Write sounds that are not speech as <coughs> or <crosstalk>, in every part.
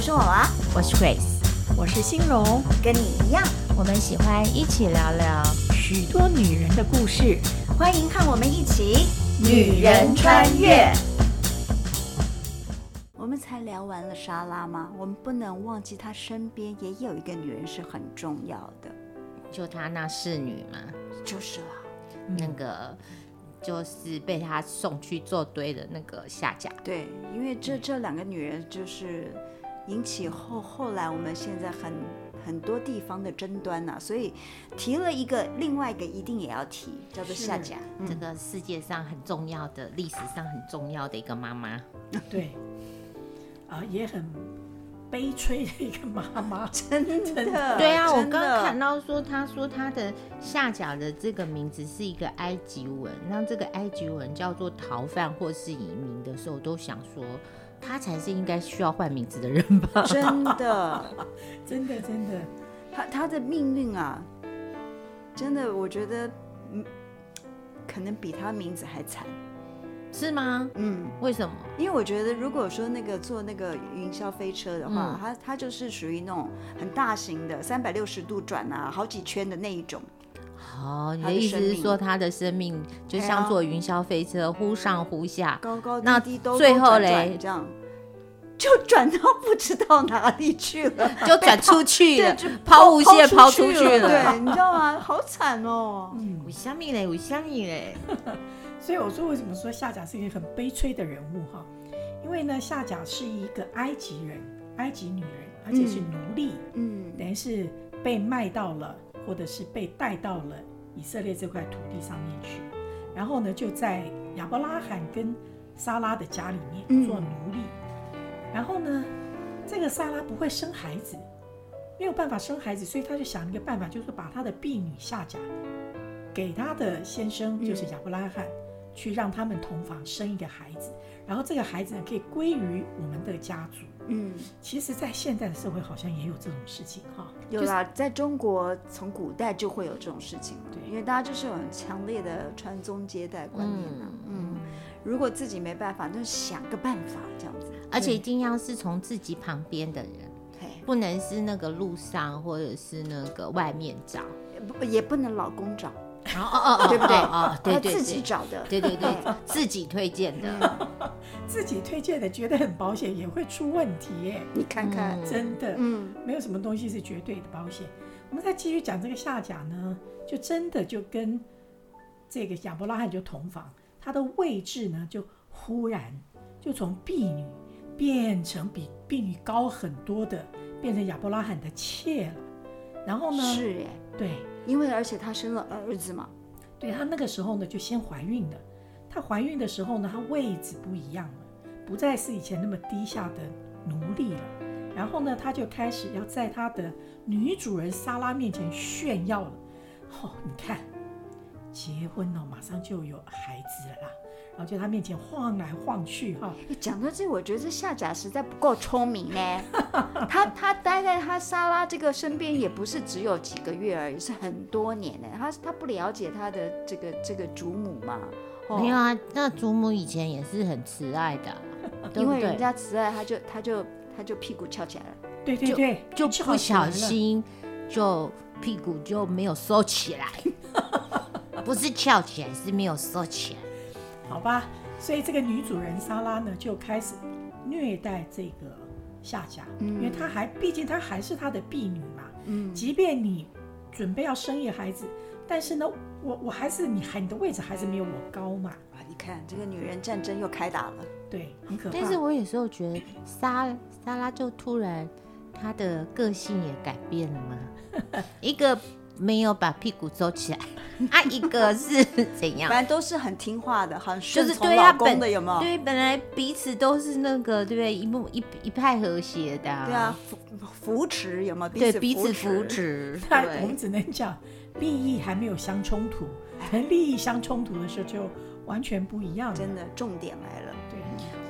我是我啊，我是 Grace，我是欣榮，跟你一樣，我們喜歡一起聊聊許多女人的故事，歡迎和我們一起《女人穿越》。我們才聊完了沙拉嗎？我們不能忘記她身邊也有一個女人是很重要的，就她那侍女嘛，就是了、啊，那個、嗯、就是被她送去做堆的那個夏甲。對，因為這這兩個女人就是。引起後後來我們現在很很多地方的爭端、啊、所以提了一個另外一個一定也要提，叫做夏甲，嗯、這個世界上很重要的歷史上很重要的一個媽媽、啊。對，啊，也很悲催的一個媽媽， <laughs> 真的。真的對啊，的我剛剛看到說，他說他的夏甲的這個名字是一個埃及文，那這個埃及文叫做逃犯或是移民的時候，我都想說。他才是應該需要換名字的人吧？真的，真的，真的，他他的命運啊，真的，我覺得可能比他名字還慘，是嗎？嗯，為什麼？因為我覺得，如果說那個坐那個雲霄飛車的話，他他、嗯、就是屬於那種很大型的，三百六十度轉啊，好幾圈的那一種。哦，你的意思是說他的生命就像坐雲霄飛車，哎、呀忽上忽下，高高低低都高轉轉，那最後嘞？這樣就轉到不知道哪裡去了，就轉出去了，拋物線拋出去了，對，去了，對，你知道嗎？好慘哦、喔！嗯，我相信嘞，我相信嘞。所以我說，為什麼說夏甲是一個很悲催的人物哈？因為呢，夏甲是一個埃及人，埃及女人，而且是奴隸，嗯，等於是被賣到了，或者是被帶到了以色列這塊土地上面去，然後呢，就在亞伯拉罕跟撒拉的家裡面做奴隸。嗯然後呢，這個撒拉不會生孩子，沒有辦法生孩子，所以他就想一個辦法，就是把他的婢女夏甲，給他的先生，就是亞伯拉罕，嗯、去讓他們同房生一個孩子，然後這個孩子可以歸於我們的家族。嗯，其實，在現代的社會好像也有這種事情哈。有啊啦，就是，在中國從古代就會有這種事情。對，因為大家就是有很強烈的傳宗接代觀念啊。嗯，嗯，如果自己沒辦法，就想個辦法這樣。而且盡量是從自己旁邊的人，不能是那個路上或者是那個外面找，不也不能老公找，哦哦哦，對對啊，對自己找的，對對對，自己推薦的，自己推薦的覺得很保險，也會出問題，你看看，真的，嗯，沒有什麼東西是絕對的保險。我們再繼續講這個夏甲呢，就真的就跟這個亞伯拉罕就同房，他的位置呢就忽然就從婢女。變成比婢女高很多的，變成亞伯拉罕的妾了。然後呢，是耶，對，因為而且她生了兒子嘛。對，她那個時候呢，就先懷孕了。她懷孕的時候呢，她位置不一樣了，不再是以前那麼低下的奴隸了。然後呢，她就開始要在她的女主人莎拉面前炫耀了。哦，你看，結婚了，馬上就有孩子了啦。啊，在他面前晃來晃去哈。講、欸、到這，我覺得這夏甲實在不夠聰明呢。 <laughs> 他他待在他沙拉這個身邊也不是只有幾個月而已，是很多年呢。他他不了解他的這個這個祖母嘛？沒有啊，那祖母以前也是很慈愛的，對不對？因為人家慈愛他，他就他就他就屁股翹起來了。 <laughs> 就對對對，就不小心就，就屁股就沒有收起來， <laughs> 不是翹起來，是沒有收起來。好吧，所以這個女主人莎拉呢，就開始虐待這個夏甲，嗯、因為她還畢竟她還是她的婢女嘛。嗯，即便你準備要生一個孩子，但是呢，我我還是你，你的位置還是沒有我高嘛。啊，你看這個女人戰爭又開打了，對，很可怕。但是我有時候覺得莎莎拉就突然她的個性也改變了嘛， <laughs> 一個沒有把屁股收起來。 <laughs> 啊、一個是怎樣？反正都是很聽話的，很順從老公的，有沒有？對他本，對本來彼此都是那個，對不對？一一一派和諧的、啊，對啊，扶扶持，有沒有？對，彼此扶持。對，我們只能講利益還沒有相衝突，利益相衝突的時候就完全不一樣。真的，重點來了，對。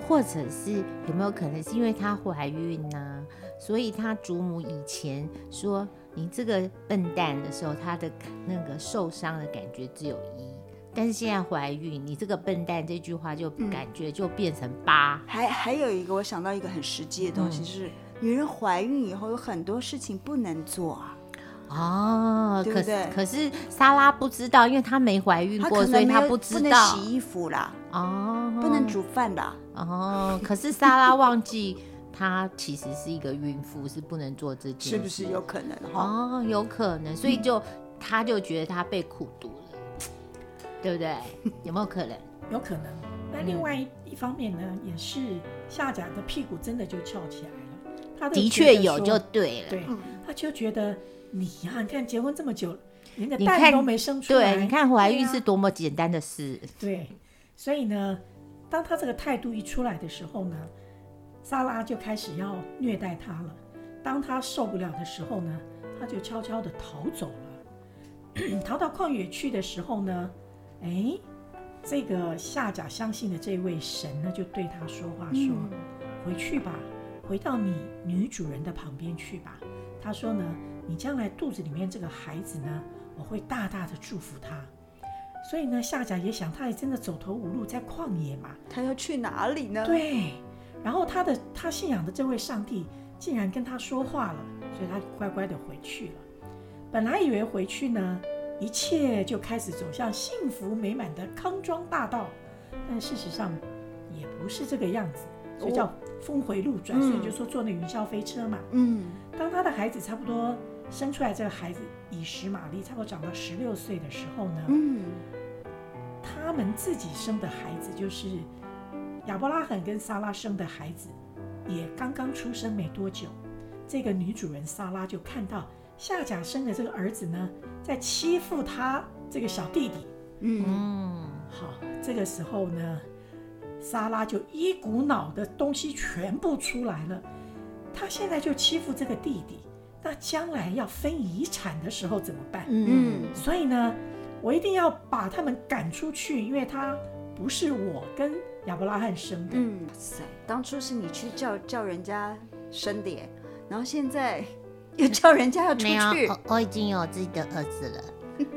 或者是有沒有可能是因為她懷孕呢、啊？所以她祖母以前說。你這個笨蛋的時候，他的那個受傷的感覺只有一，但是現在懷孕，你這個笨蛋這句話就感覺就變成八、嗯。還還有一個，我想到一個很實際的東西，嗯、是女人懷孕以後有很多事情不能做啊。哦，對對，可是可是莎拉不知道，因為她沒懷孕過，所以她不知道。不能洗衣服啦。哦。不能煮飯的。哦，可是莎拉忘記。 <laughs> 她其實是一個孕婦，是不能做自己，是不是有可能？哈，哦，嗯、有可能，所以就她就覺得她被苦毒了，嗯、對不對？有沒有可能？有可能。那另外一方面呢，嗯、也是夏甲的屁股真的就翹起來了，他的的確有就對了，對，他、嗯、就覺得你呀、啊，你看結婚這麼久，連個蛋都沒生出來，你看，對你看懷孕是多麼簡單的事，對，啊、對。所以呢，當他這個態度一出來的時候呢，薩拉就開始要虐待他了。當他受不了的時候呢，他就悄悄地逃走了。 <coughs> 逃到曠野去的時候呢，誒、欸，這個夏甲相信的這位神呢，就對他說話，說：“嗯、回去吧，回到你女主人的旁邊去吧。”他說呢：“你將來肚子裡面這個孩子呢，我會大大的祝福他。”所以呢，夏甲也想，他也真的走投無路，在曠野嘛，他要去哪裡呢？對。然後他的他信仰的這位上帝竟然跟他說話了，所以他乖乖的回去了。本來以為回去呢，一切就開始走向幸福美滿的康莊大道，但事實上也不是這個樣子，所以叫峰回路轉。所以就說坐那雲霄飛車嘛。嗯。當他的孩子差不多生出來，這個孩子以實瑪利，差不多長到十六歲的時候呢，嗯，他們自己生的孩子就是。亞伯拉罕跟莎拉生的孩子也剛剛出生沒多久，這個女主人莎拉就看到夏甲生的這個兒子呢，在欺負他這個小弟弟。嗯，嗯，好，這個時候呢，莎拉就一股腦的東西全部出來了。她現在就欺負這個弟弟，那將來要分遺產的時候怎麼辦？嗯，嗯，所以呢，我一定要把他們趕出去，因為他不是我跟。亞伯拉罕生的，嗯，哇塞，當初是你去叫叫人家生的耶，然後現在又叫人家要出去 <laughs> 我，我已經有自己的兒子了，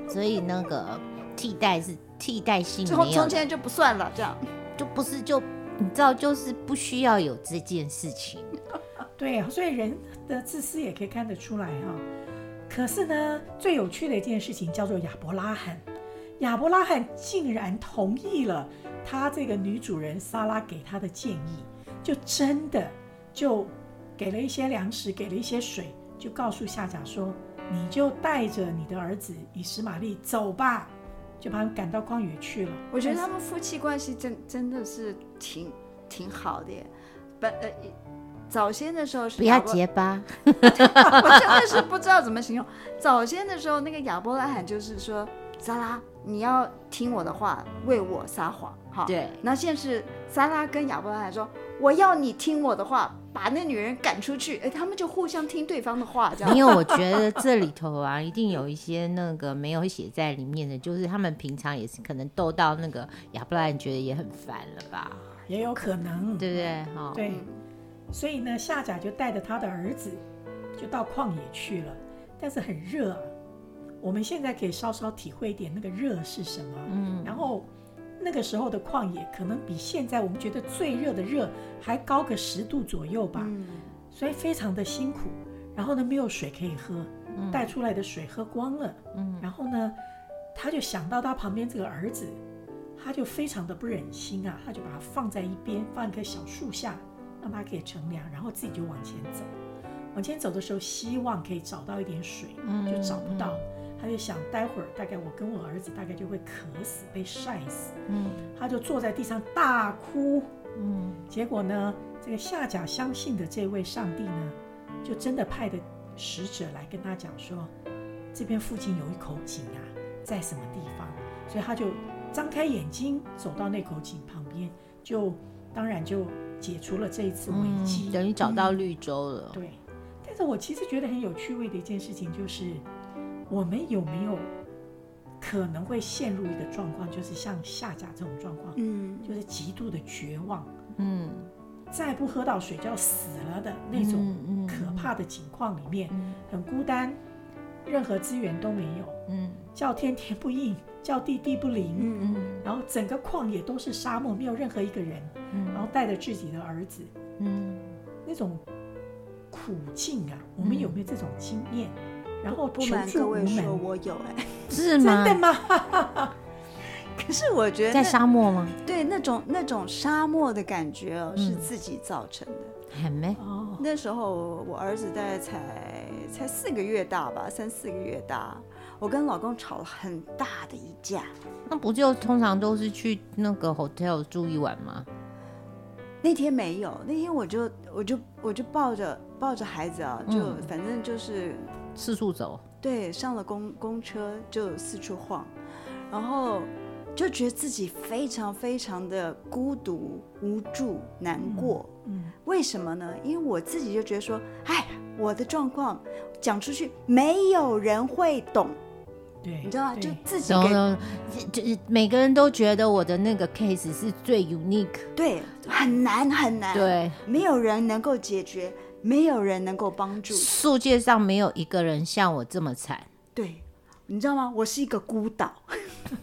所以那個替代是替代性沒有的，從前就不算了，這樣 <laughs> 就不是就你知道就是不需要有這件事情，對，所以人的自私也可以看得出來哈、哦。可是呢，最有趣的一件事情叫做亞伯拉罕，亞伯拉罕竟然同意了。他這個女主人莎拉給他的建議，就真的就給了一些糧食，給了一些水，就告訴夏甲說：“你就帶着你的兒子以實瑪利走吧。”就把他們趕到曠野去了。我覺得他們夫妻關係真真的是挺挺好的耶。不、呃、早先的時候是不要結巴， <laughs> <laughs> 我真的是不知道怎麼形容。早先的時候，那個亞伯拉罕就是說：“莎拉。”你要聽我的話，為我撒謊，哈。對。那現在是莎拉跟亞伯拉罕說，我要你聽我的話，把那女人趕出去。哎，他們就互相聽對方的話，這樣。沒有，我覺得這裡頭啊， <laughs> 一定有一些那個沒有寫在裡面的，就是他們平常也是可能鬥到那個亞伯拉罕覺得也很煩了吧？也有可能，對不對？哈、哦。對。所以呢，夏甲就帶着他的兒子，就到曠野去了，但是很熱。我們現在可以稍稍體會一點那個熱是什麼，嗯，然後那個時候的曠野可能比現在我們覺得最熱的熱還高個十度左右吧，所以非常的辛苦。然後呢，沒有水可以喝，帶出來的水喝光了，嗯，然後呢，他就想到他旁邊這個兒子，他就非常的不忍心啊，他就把他放在一邊，放一棵小樹下，讓他可以乘涼，然後自己就往前走。往前走的時候，希望可以找到一點水，就找不到。他就想待會兒，大概我跟我兒子大概就會渴死、被曬死。嗯，他就坐在地上大哭。嗯，結果呢，這個夏甲相信的這位上帝呢，就真的派的使者來跟他講說，這邊附近有一口井啊，在什麼地方。所以他就張開眼睛走到那口井旁邊，就當然就解除了這一次危機，等於、嗯嗯、找到綠洲了。對。但是我其實覺得很有趣味的一件事情就是。我們有沒有可能會陷入一個狀況，就是像夏甲這種狀況，嗯，就是極度的絕望，嗯，再不喝到水就要死了的那種可怕的境況裡面，嗯嗯，很孤單，任何資源都沒有，嗯，叫天天不應，叫地地不靈，嗯嗯，然後整個曠野都是沙漠，沒有任何一個人，嗯，然後帶着自己的兒子，嗯，那種苦境啊，我們有沒有這種經驗？嗯然後不瞞部各位說，我有。哎，是嗎？真的嗎？可是我覺得在沙漠嗎？對，那種那種沙漠的感覺哦，嗯，是自己造成的，很美哦。那時候我，我兒子大概才才四個月大吧，三四個月大，我跟老公吵了很大的一架。那不就通常都是去那個 hotel 住一晚嗎？那天沒有，那天我就我就我就，我就抱着抱着孩子啊，就反正就是。四處走，對，上了公公車就四處晃，然後就覺得自己非常非常的孤獨、無助、難過。嗯，嗯，為什麼呢？因為我自己就覺得說，哎，我的狀況講出去，沒有人會懂。對，你知道嗎？對就自己，no, no. 每個人都覺得我的那個 case 是最 unique，對，很難很難，對，沒有人能夠解決。沒有人能夠幫助，世界上沒有一個人像我這麼慘。對，你知道嗎？我是一個孤島。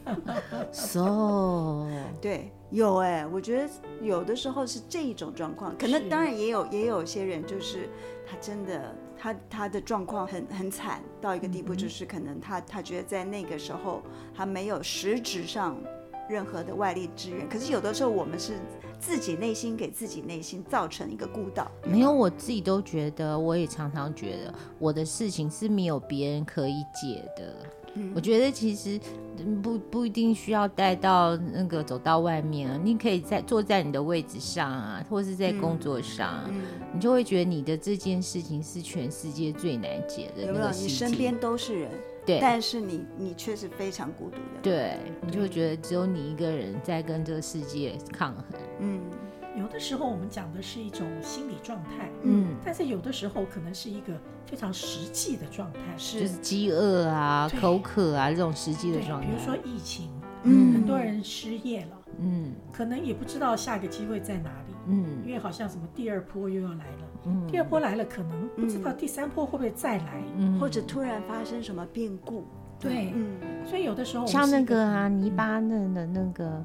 哦 <laughs> So，對，有哎、欸，我覺得有的時候是這一種狀況，可能當然也有，是也有些人就是他真的，他他的狀況很很慘到一個地步，就是可能他、嗯、他覺得在那個時候他沒有實質上任何的外力支援，可是有的時候我們是。自己內心給自己內心造成一個孤島，沒有我自己都覺得，我也常常覺得我的事情是沒有別人可以解的。嗯，我覺得其實不不一定需要帶到那個走到外面，你可以在坐在你的位置上啊，或是在工作上，嗯，你就會覺得你的這件事情是全世界最難解的有沒有，那個，你身邊都是人，對，但是你你確實非常孤獨的，對，你就會覺得只有你一個人在跟這個世界抗衡。嗯，有的時候我們講的是一種心理狀態，嗯，但是有的時候可能是一個非常實際的狀態，是，就是飢餓啊、對口渴啊這種實際的狀態。比如說疫情，嗯，很多人失業了，嗯，可能也不知道下個機會在哪裡，嗯，因為好像什麼第二波又要來了，嗯、第二波來了，可能不知道第三波會不會再來，嗯、或者突然發生什麼變故。對，嗯，所以有的時候，像那個啊，泥巴嫩的那個，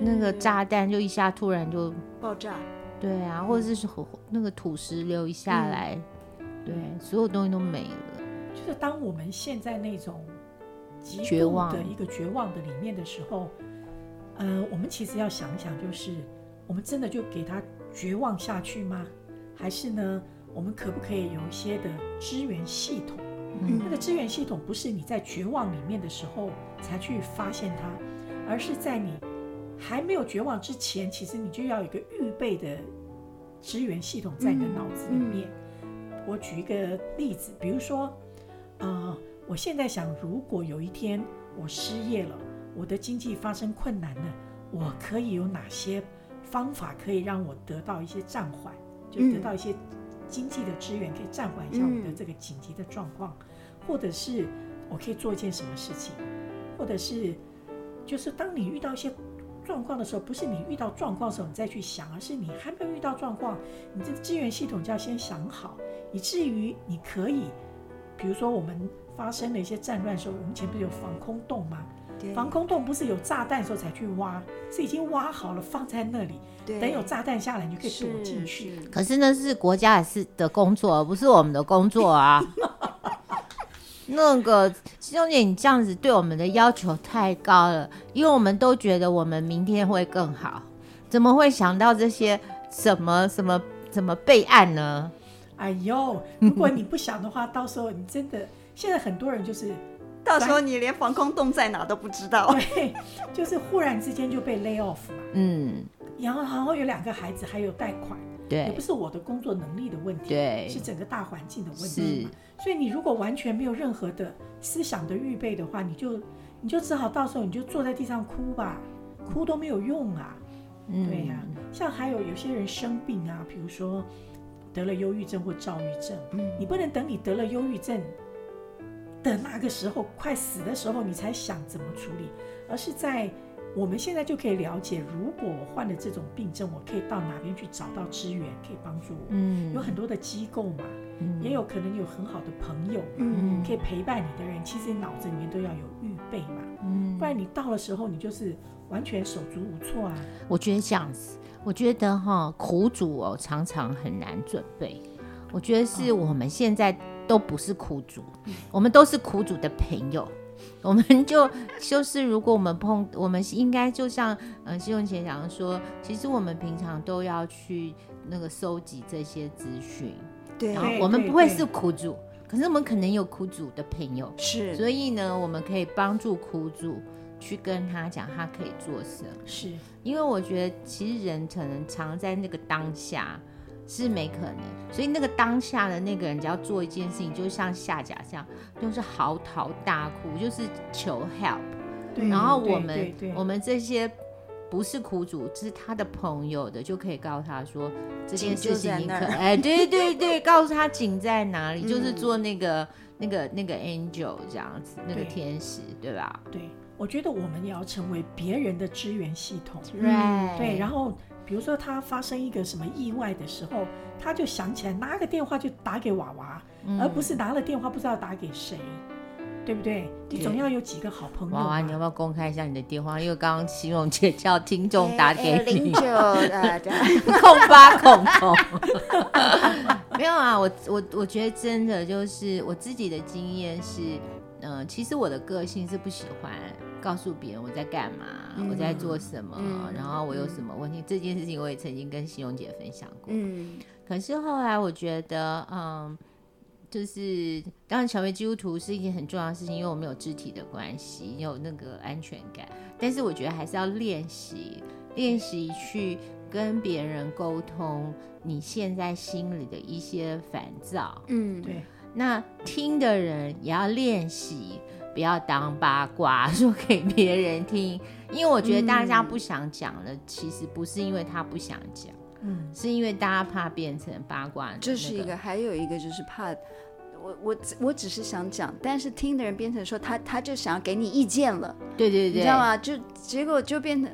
那個炸彈，就一下突然就爆炸。對啊，或者是火那個土石流一下來，對，所有東西都沒了。就是當我們現在那種極絕望的一個絕望的裡面的時候，呃，我們其實要想一想，就是我們真的就給他絕望下去嗎？還是呢，我們可不可以有一些的支援系統？嗯、那個支援系統不是你在絕望裡面的時候才去發現它，而是在你還沒有絕望之前，其實你就要有一個預備的支援系統在你的腦子裡面。嗯嗯、我舉一個例子，比如說，呃，我現在想，如果有一天我失業了，我的經濟發生困難了，我可以有哪些方法可以讓我得到一些暫緩，就得到一些。經濟的資源可以暫緩一下我們的這個緊急的狀況，嗯，或者是我可以做一件什麼事情，或者是就是當你遇到一些狀況的時候，不是你遇到狀況的時候你再去想，而是你還沒有遇到狀況，你這資源系統就要先想好，以至於你可以，比如說我們發生了一些戰亂的時候，我們前面不是有防空洞嗎？對防空洞不是有炸彈的時候才去挖，是已經挖好了放在那裡，對等有炸彈下來你就可以躲進去。是是，可是那是國家的事的工作，而不是我們的工作啊。 <laughs> <laughs> 那個兄姐，你這樣子對我們的要求太高了，因為我們都覺得我們明天會更好，怎麼會想到這些？什麼什麼怎麼備案呢？哎呦，如果你不想的話， <laughs> 到時候你真的現在很多人就是。到時候你連防空洞在哪都不知道，對，就是忽然之間就被 lay off，嗯，然後然後有兩個孩子還有貸款，對，也不是我的工作能力的問題，對，是整個大環境的問題嘛。是所以你如果完全沒有任何的思想的預備的話，你就你就只好到時候你就坐在地上哭吧，哭都沒有用啊，嗯，對呀，啊，像還有有些人生病啊，比如說得了憂鬱症或躁鬱症，嗯，你不能等你得了憂鬱症的那個時候，快死的時候，你才想怎麼處理，而是在我們現在就可以了解，如果我患了這種病症，我可以到哪邊去找到資源，可以幫助我。嗯，有很多的機構嘛，嗯、也有可能有很好的朋友，嗯、可以陪伴你的人。其實你腦子裡面都要有預備嘛，嗯，不然你到了時候，你就是完全手足無措啊。我覺得這樣子，我覺得哈，苦主哦，常常很難準備。我覺得是我們現在。都不是苦主，嗯、我們都是苦主的朋友。我們就就是，如果我們碰，我們應該就像嗯，希永前講說，其實我們平常都要去那個收集這些資訊。對，然後我們不會是苦主。對對對，可是我們可能有苦主的朋友。是，所以呢，我們可以幫助苦主去跟他講，他可以做什麼。是，因為我覺得其實人可能常在那個當下。是沒可能，所以那個當下的那個人只要做一件事情，就像夏甲這樣，就是嚎啕大哭，就是求 help。對，然後我們對對對我們這些不是苦主，就是他的朋友的，就可以告訴他說這件事情你可，可哎，對對對， <laughs> 告訴他井在哪裡，嗯、就是做那個那個那個 angel 這樣子，那個天使，對，對吧？對。我覺得我們也要成為別人的支援系統，Right. 對，然後比如說他發生一個什麼意外的時候，他就想起來拿個電話就打給娃娃，嗯、而不是拿了電話不知道打給誰，對不對？對，你總要有幾個好朋友、啊。娃娃，你要不要公開一下你的電話？因為剛剛形容姐叫聽眾打給你，控八控控。沒有啊，我我我覺得真的就是我自己的經驗是，嗯、呃，其實我的個性是不喜歡。告訴別人我在幹嘛，嗯、我在做什麼，嗯、然後我有什麼問題。嗯、這件事情我也曾經跟欣榮姐分享過。嗯，可是後來我覺得，嗯，就是當然，成為基督徒是一件很重要的事情，因為我們有肢體的關係，有那個安全感。但是我覺得還是要練習，練習去跟別人溝通你現在心裡的一些煩躁。嗯，對。那聽的人也要練習。不要當八卦、嗯、說給別人聽，因為我覺得大家不想講了，其實不是因為他不想講，嗯，是因為大家怕變成八卦、那個。這是一個，還有一個就是怕我我我只是想講，但是聽的人變成說他他就想要給你意見了，對對對，你知道嗎？就結果就變成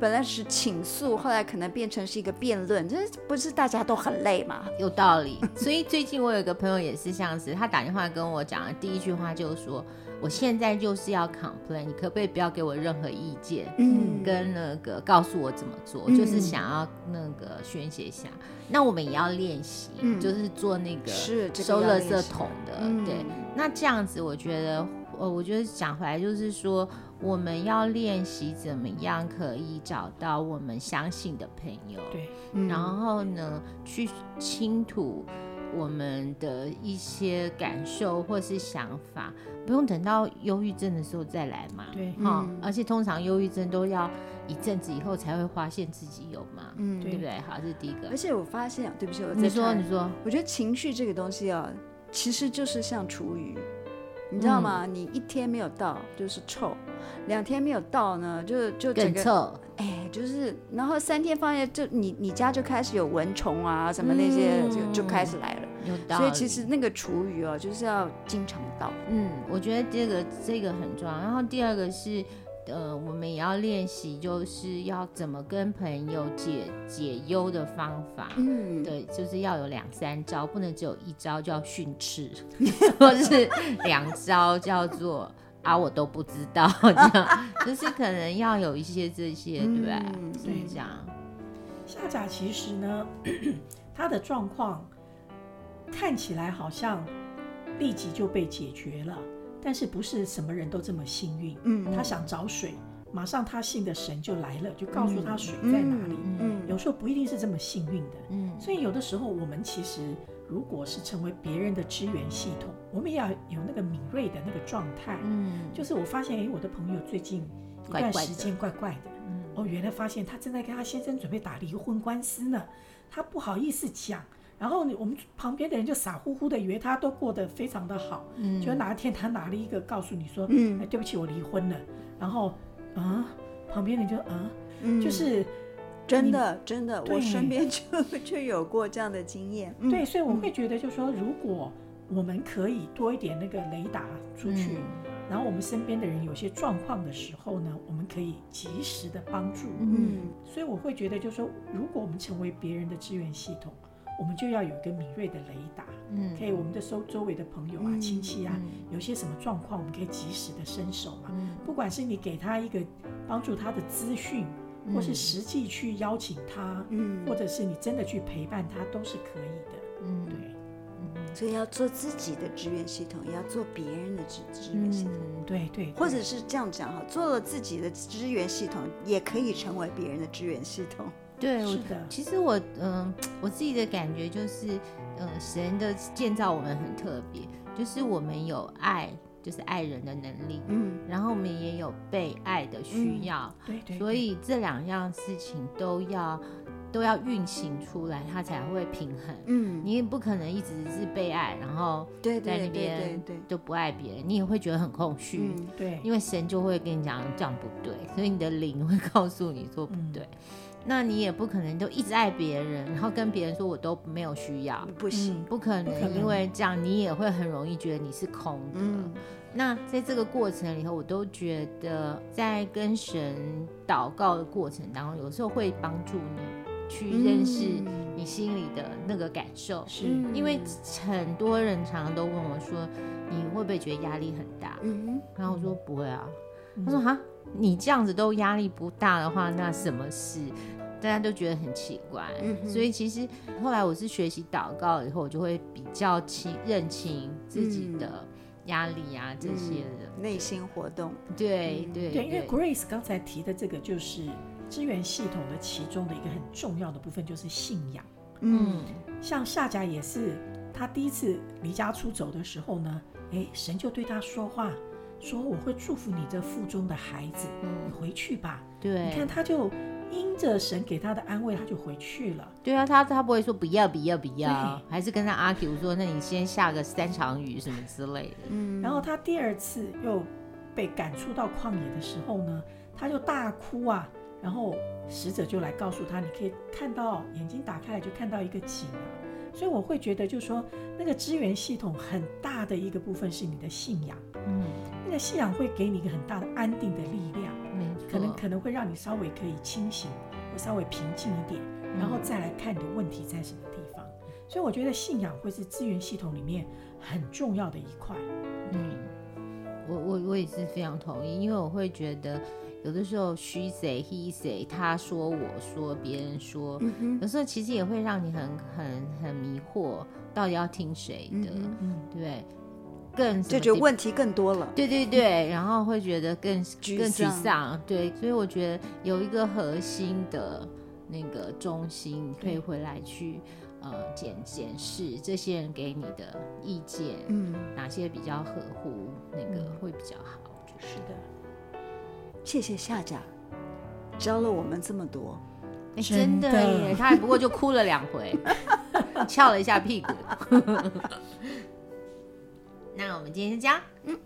本來是傾訴，後來可能變成是一個辯論，這不是大家都很累嗎？有道理。所以最近我有一個朋友也是這樣子， <laughs> 他打電話跟我講的第一句話就是說。我現在就是要 complain，你可不可以不要給我任何意見，嗯，跟那個告訴我怎麼做，嗯、就是想要那個宣洩一下。嗯、那我們也要練習，嗯、就是做那個收垃圾桶的，這個、對。嗯、那這樣子，我覺得，呃，我覺得講回來就是說，我們要練習怎麼樣可以找到我們相信的朋友，對。嗯、然後呢，去傾吐。我們的一些感受或是想法，不用等到憂鬱症的時候再來嘛。對，哈、哦，嗯、而且通常憂鬱症都要一陣子以後才會發現自己有嘛，嗯，對不對？好，這是第一個。而且我發現，對不起，我在你說你說，你說我覺得情緒這個東西哦、啊，其實就是像廚餘，你知道嗎？嗯、你一天沒有倒就是臭，兩天沒有倒呢，就就整個更臭。哎，就是，然後三天放下，就你你家就開始有蚊蟲啊，什麼那些就、嗯、就開始來了。所以其實那個廚餘哦，就是要經常倒。嗯，我覺得這個這個很重要。然後第二個是，呃，我們也要練習，就是要怎麼跟朋友解解憂的方法。嗯，對，就是要有兩三招，不能只有一招叫訓斥，或、嗯、是兩招叫做 <laughs> 啊，我都不知道 <laughs> 這樣，就是可能要有一些這些，對不、嗯、對？所以這樣，夏甲其實呢，咳咳，他的狀況。看起來好像立即就被解決了，但是不是什麼人都這麼幸運？嗯，嗯，他想找水，馬上他信的神就來了，就告訴他水在哪裡。嗯，嗯嗯，有時候不一定是這麼幸運的。嗯，所以有的時候我們其實如果是成為別人的支援系統，我們也要有那個敏銳的那個狀態。嗯，就是我發現，誒、欸，我的朋友最近一段時間怪怪的。哦，我原來發現他正在跟他先生準備打離婚官司呢，他不好意思講。然後我們旁邊的人就傻乎乎的，以為他都過得非常的好，嗯，就哪一天他拿了一個告訴你說：“嗯、哎，對不起，我離婚了。”然後啊，旁邊的人就啊，嗯、就是真的、嗯、真的，真的，對，我身邊就就有過這樣的經驗。嗯、對，所以我會覺得就是，就說如果我們可以多一點那個雷達出去，嗯、然後我們身邊的人有些狀況的時候呢，我們可以及時的幫助。嗯，嗯，所以我會覺得就是，就說如果我們成為別人的支援系統，我們就要有一個敏銳的雷達，嗯，可以，我們的周周圍的朋友啊、親、嗯、戚啊，嗯、有些什麼狀況，我們可以及時的伸手嘛、啊。嗯、不管是你給他一個幫助他的資訊，嗯、或是實際去邀請他，嗯，或者是你真的去陪伴他，都是可以的。嗯，對。嗯、所以要做自己的支援系統，也要做別人的支支援系統。嗯、對，對對。或者是這樣講哈，做了自己的支援系統，也可以成為別人的支援系統。對，是的。我，其實我，嗯、呃，我自己的感覺就是，嗯、呃，神的建造我們很特別，就是我們有愛，就是愛人的能力，嗯，然後我們也有被愛的需要，嗯、對，對對。所以這兩樣事情都要，都要運行出來，它才會平衡。嗯，你也不可能一直是被愛，然後對在那邊就不愛別人，對對對對對，你也會覺得很空虛，嗯、對。因為神就會跟你講這樣不對，所以你的靈會告訴你說不對。嗯那你也不可能都一直愛別人，然後跟別人說我都沒有需要，不行、嗯，不可能，不可能，因為這樣你也會很容易覺得你是空的。嗯、那在這個過程裡頭，我都覺得在跟神禱告的過程當中，有時候會幫助你去認識你心裡的那個感受。嗯、是因為很多人常常都問我說，你會不會覺得壓力很大？啊？嗯、然後我說不會啊。嗯、他說哈你這樣子都壓力不大的話，那什麼事？大家都覺得很奇怪，嗯、哼所以其實後來我是學習禱告以後，我就會比較認清自己的壓力啊、嗯、這些內心活動。對對，對，對因為 Grace 剛才提的這個就是支援系統的其中的一個很重要的部分，就是信仰。嗯，像夏甲也是，他第一次離家出走的時候呢，哎、欸，神就對他說話，說我會祝福你這腹中的孩子，你回去吧。嗯對你看，他就因着神給他的安慰，他就回去了。對啊，他他不會說不要不要不要，不要對還是跟他 argue 說，那你先下個三場雨什麼之類的。嗯。 <laughs> 然後他第二次又被趕出到曠野的時候呢，他就大哭啊。然後使者就來告訴他，你可以看到眼睛打開來就看到一個井啊。」所以我會覺得就是，就說那個支援系統很大的一個部分是你的信仰。嗯。那個信仰會給你一個很大的安定的力量。可能可能會讓你稍微可以清醒，或稍微平靜一點，然後再來看你的問題在什麼地方。嗯、所以我覺得信仰會是資源系統裡面很重要的一塊。嗯，嗯我我我也是非常同意，因為我會覺得有的時候 she say he say，他說，說我說別人說，嗯、哼有時候其實也會讓你很很很迷惑，到底要聽誰的？嗯、哼對。更就覺得問題更多了，對對對，然後會覺得更,喪更沮喪，對，所以我覺得有一個核心的那個中心可以回來去對呃檢檢視這些人給你的意見，嗯，哪些比較合乎那個會比較好，就、嗯、是的，謝謝夏甲教了我們這麼多，真的，真的他還不過就哭了兩回， <laughs> 翹了一下屁股。 <laughs> 那我們今天先講。嗯